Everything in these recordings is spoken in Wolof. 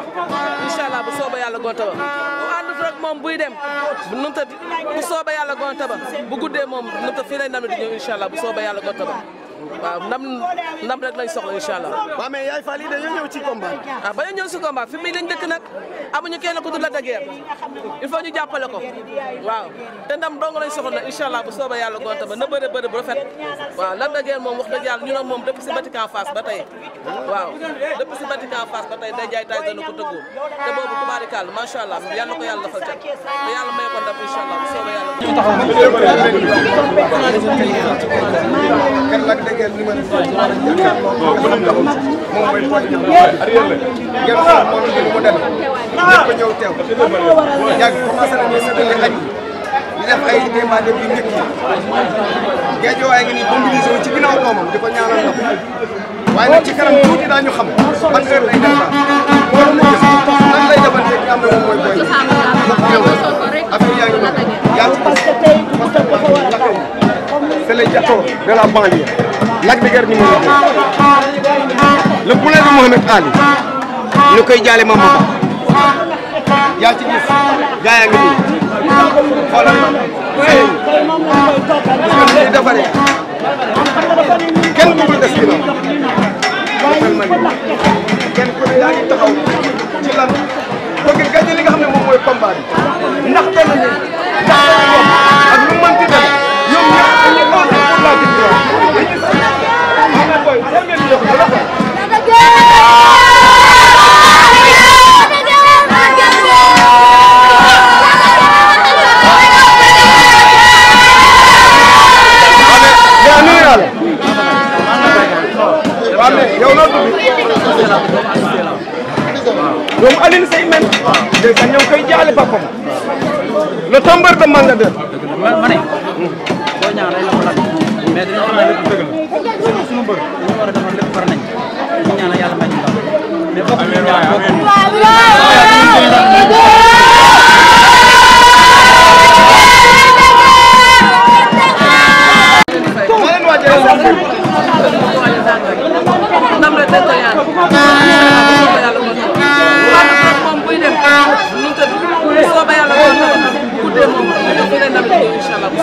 waxtaan incha allah bu sooba yàlla gonta ba bu àndut rek moom buy dem bu numu ta bu sooba yàlla gonta ba bu dee moom numu ta fii lay ndam di ñëw incha allah bu sooba yàlla gonta ba waaw ndam ndam rek lañ soxla incha allah. waaw mais yaay Fall yi dañoo ñëw ci combat. ah ba ñëw si combat fi muy lañ dëkk nag amuñu kenn ku dul la dageer il faut ñu jàppale ko waaw te ndam dong lañ soxla nag incha allah bu soobee yàlla gonta ba na bëre bëre bu rafet waaw la dageer moom wax dëgg yàlla ñu ne moom depuis si Vatican Fass ba tey waaw depuis si Vatican Fass ba tey day jaay taay dana ko tëggoo te boobu tubaarikàll macha allah yàlla ko yàlla defal ca te yàlla may ko ndam incha allah bu soobee yàlla. fekkee li ma def moom mooy toog ñëpp ngeen xool moom ngir mu dem ñëpp a ñëw teew yàgg commencé nañu séddale añ di def ay débat bi njëkk yi géej waaye nga ni mobilisé wu ci ginnaaw doomam di ko ñaanal ndox waaye nag ci kanam tuuti daañu xam ban heure lay def moom la gis nan lay defal rek am na moom mooy booy affaire yaa ngi yaa ci c'est les gâteaux de la banlieue. Lac de Guiers numéro 2. le poulet de Mohamed Ali. ñu koy jaale Mama Ba. yaa ci gis gars yaa ngi nii xoolal sëñ bi ñu defaree kenn bëggul des ginnaaw. defal ma nii kenn ku ne yaa ngi taxaw ci lan bëgg gagné li nga xam ne moom mooy combat bi ndax benn nit ndax doomu Alioune Seye men dégg nga ñoo koy jaale boppam le tombeur de Manga 2 incha allah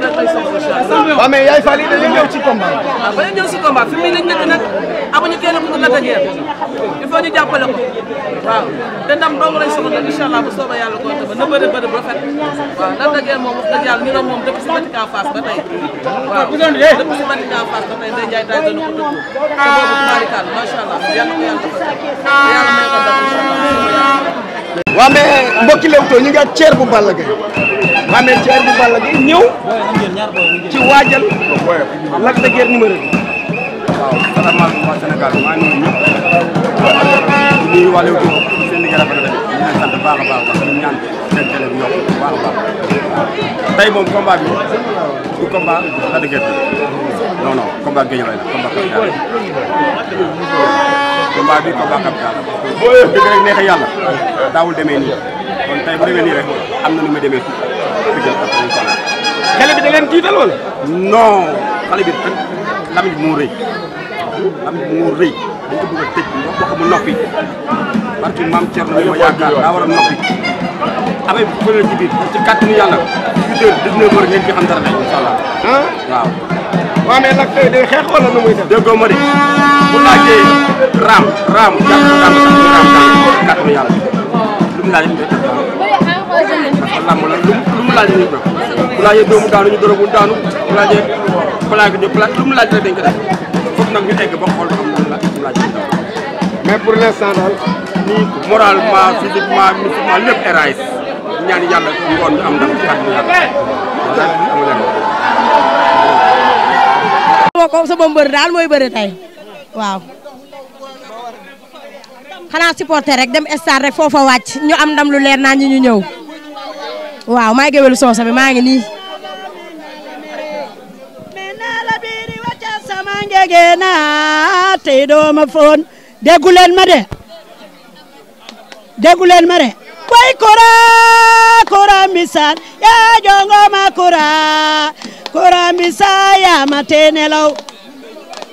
waaw mais yaay Fall yi dañuy ñëw ci combat. waaw ah, ba ñëw si combat fi mu ne a nag amuñu kenn ku a la tëjee il faut ñu jàppale ko waaw te lay soxla incha bu soobee yàlla koo tëba na bëri da ngeen ba tey waaw depuis si Vatican Fass ba tey Ndeye Ndiaye daal dana ko dëgg te boobu barikaal macha allah yàlla ko yàlla defal yàlla may ko def incha allah. waaw mais mbokki Leewtoo ñu ngi ak ceer bu amee ci heure bi Balla gi ñëw ci waajal Lac de Guiers numéro bi. waaw salaamaaleykum waa Sénégal maa ngi nuyu ñëpp di nuyu waa ñu leen sant baax a baax parce que ñu ñaan bi yokk a baax tey moom combat bi du combat Lac de Guiers bi non non la combat capital combat bi combat capital dëgg rek neexee yàlla demee nii kon tey demee nii rek am na nu muy demee fii bi jël kàttan incha allah. xale bi da lamit moo rëy lamit moo rëy dañ ko bëgg tëj wax wax mu noppi parce maam Thierno li ma yaakaar daa war a noppi. amee bu ci biir ci kàttanu yàlla 8h 19h ngeen ci xam dara tey incha waaw. waaw mais day xeex wala muy def. bu laajee raam raam jàpp raam raam kàttanu yàlla la lum. mu laaj ñu ko bu laajee doomu daanu ñu dorobu daanu bu laajee plaque ñu plaque lu mu laaj rek dañ ko def foofu nag ñu egg ba xool ba xam lan la mu laaj mais pour l'instant daal nii moralement physiquement mystiquement lépp RAS ñaan yàlla ngoon ñu am ndam ci at bi ko sama mbër daal mooy bëri tey waaw xanaa supporter rek dem stade rek foofa wàcc ñu am ndam lu leer naa ñi ñu ñëw waaw maay géwélu soosa bi maa ngi nii. tey doo ma foon déggu leen ma de déggu ma de koy kura kura mbisan yaa jongo ma kura kura mbisan yaa ma tee nelaw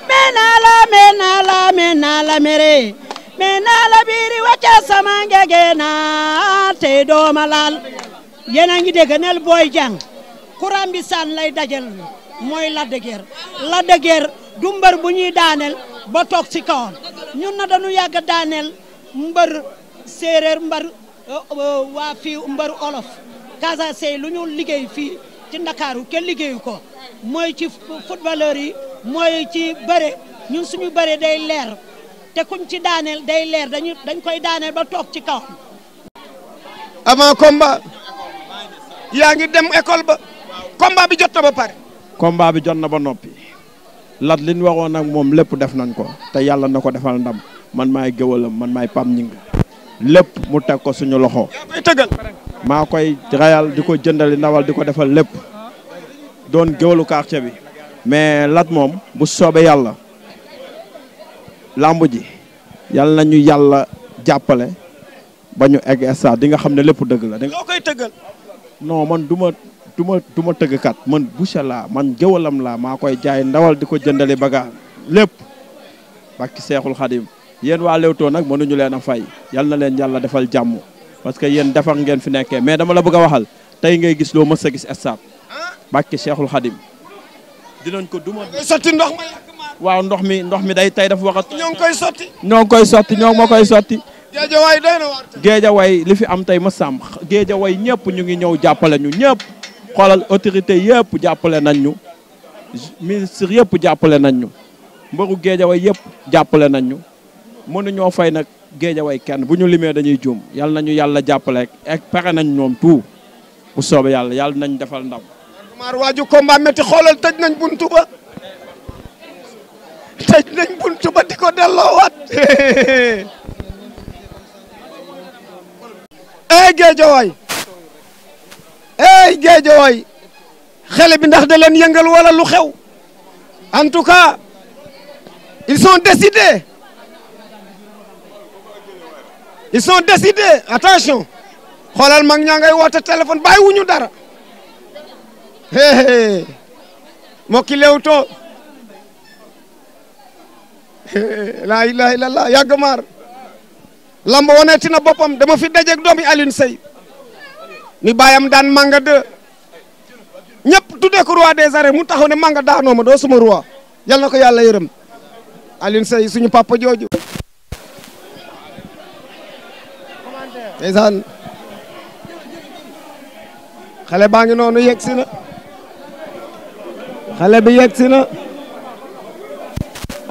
menala menala menala mere menala biiri wacca sama ngege na tey doo laal yéen a ngi dégg nel booy jàng kuram bi saan lay dajal mooy Lac de Guiers Lac du mbër bu ñuy daaneel ba toog ci kawam ñun na dañu yàgg daaneel mbër séeréer mbër euh, euh, waa fii mbër olof Casa Sey lu ñu liggéey fii ci Ndakaaru kenn liggéeyu ko mooy ci footballeur yi mooy ci bëre ñun suñu bëre day leer te kuñ ci daaneel day leer dañu dañ koy daaneel ba toog ci kawam avant combat yaa ngi dem école ba. combat bi jot na ba bi jot na ba noppi. lat li ñu waxoon ak moom lépp def nañ ko te yàlla na ko defal ndam man maay géwalam man maay pam ñing lépp mu teg ko suñu loxo. yaa koy tëggal. maa koy rayal di ko jëndali ndawal di ko defal lépp doon géwalu quartier bi. mais lat moom bu soobee yàlla làmb ji yàlla nañu yàlla jàppale ba ñu egg stade di nga xam ne lépp dëgg la. non man duma ma du ma man boucher laa man jëwalam laa maa koy jaay ndawal di ko jëndali baga lépp bakki seexul xadim yéen waa Leewtoo nag mënuñu leen a fay yal na leen yàlla defal jàmm parce que yéen defar ngeen fi nekkee mais dama la bëgg a waxal tey ngay gis loo ma a gis stade bakki seexul xadim dinañ ko duma sotti ndox ma waaw ndox mi ndox mi day tey dafa wax ñoo ngi koy sotti ñoo ngi koy sotti ñoo ma koy sotti géejawaay doy na waar géejawaay li fi am tey ma sàmm géejawaay ñëpp ñu ngi ñëw jàppale ñu ñëpp xoolal autorité yëpp jàppale nañ ñu ministre yëpp jàppale nañ ñu mbëru géejawaay yëpp jàppale nañ ñu mënuñoo fay nag géejawaay kenn bu ñu limee dañuy juum yàlla nañu yàlla jàppale ak pare nañ ñoom tout bu soobee yàlla yàlla nañ defal ndaw maar waaju combat métti xoolal tëj nañ buntu tëj nañ buntu ba ko delloowaat. ey géejawaay ey géejawaay xale bi ndax da leen yëngal wala lu xew en tout cas ils sont décidés ils sont décidés attention xoolal mag ñaa ngay woote téléphone bàyyi wuñu dara mbokki Leewtoo laa ilaaha illallaah yàgg maar lamb woneeti na boppam dama fi dajeeg doomi alin say mi baayam daan manga de ñëpp tuddee ko roi des arènes mu taxaw ne manga daanoo doo suma roi yal ko yàlla yërëm Alioune say suñu papa jooju ndeysaan xale baa ngi noonu yegg si xale bi yegg si na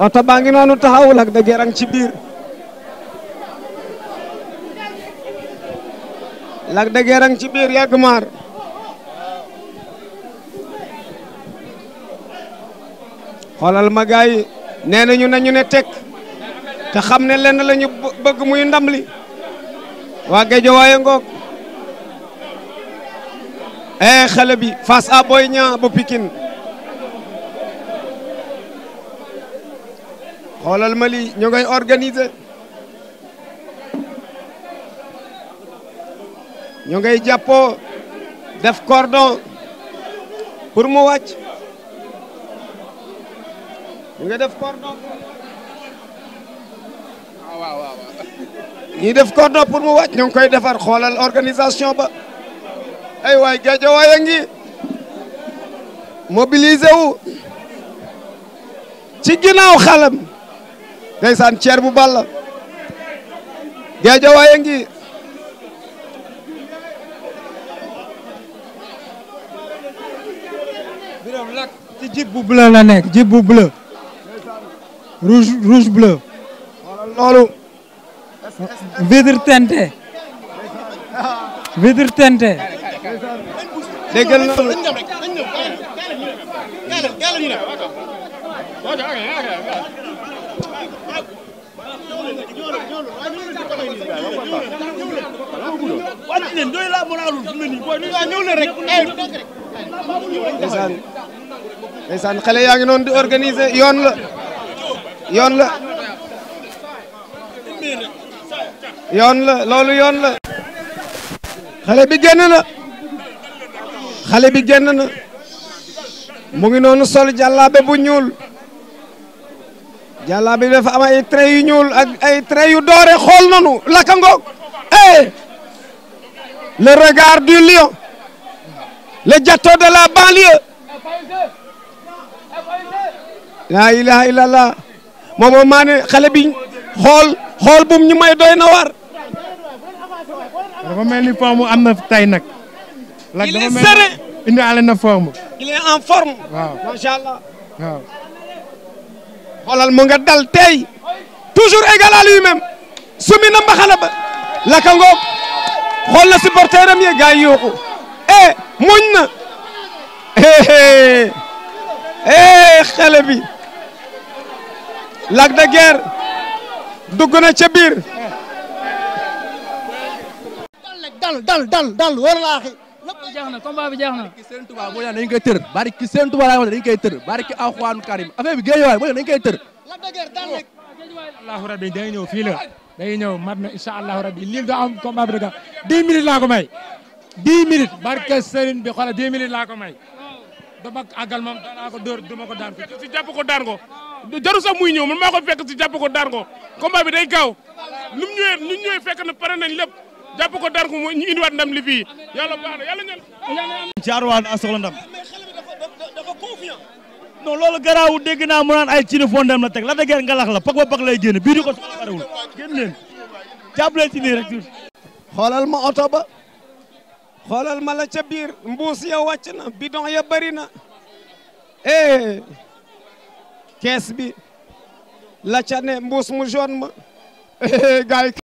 oto baa ngi noonu taxawul ak da gerang ci biir Lac de Guiers ngi ci biir yàgg maar xoolal ma gaay yi nee nañu ne tek te xam ne lenn la ñu bëgg muy ndam li waa Guédiawaye ngoog eh xale bi face à Boy Niang bu Pikine xoolal ma ñu ngay organiser ñu ngay jàppoo def cordon pour mu wàcc ñu nga def cordon waaw def cordon pour mu wàcc ñu ngi koy defar xoolal organisation ba ay waay Guédiawaye a ngi mobilisé wu ci ginnaaw xalam ndeysaan ceer bu balla Guédiawaye a ngi jib bu bleu la nekk jib bu bleu rouge bleu vitre teintée ndeysaan xale yaa ngi noonu di organiser yoon la yoon la yoon la loolu yoon la xale bi génn na xale bi génn na mu ngi noonu sol jàllaabe bu ñuul jàllaabe bi dafa am ay yu ñuul ak ay trait yu doore xool nanu laka ngoog eh le regard du lion le gâteau de la banlieue laa ilaha illallah moo boobu maa xool xool bum ñu may doy na war dafa mel ni forme am na nag. il est serré indi ale na forme. il est en forme. waaw xoolal mu nga dal tey toujours égal à lui-même. sumi na mbaxana ba. laka ngoog xool na supporteram ye gars yi yooku. Eh, muñ na. eh xale bi Lac de Guiers dugg na ca biir. dal dal dal dal wër laaxi. jeex na combat bi jeex na. barki Serigne Touba boo dañu koy tër barki Serigne Touba laa wax dañu koy tër barki Alxuraan Karim affaire bi géej waay boo koy tër. Lac de rabbi day ñëw fii la day ñëw mat na incha allahu rabbi am combat bi da 10 minutes dama àggal moom danaa ko dóor ko daan ko si jàpp ko daan ko jaru sax muy ñëw man maa ko fekk si jàpp ko daan ko combat bi day gaaw nu mu ñëwee nu fekk na pare nañ lépp jàpp ko daan ko ñu indiwaat ndam li fii yàlla baax na yàlla ñaan ci arwaan a soxla ndam dafa confiant non loolu garaawu dégg naa mu naan ay cini fondem la teg la dëgër nga lax la pak ba pak lay génn bii di ko soxla barewul génn leen jàpp leen ci nii rek xoolal ma oto ba xoolal ma la ca biir mbuus ya wàcc na bidon ya bari na eh kees bi la ca ne mbuus mu jaune ma eh, gaay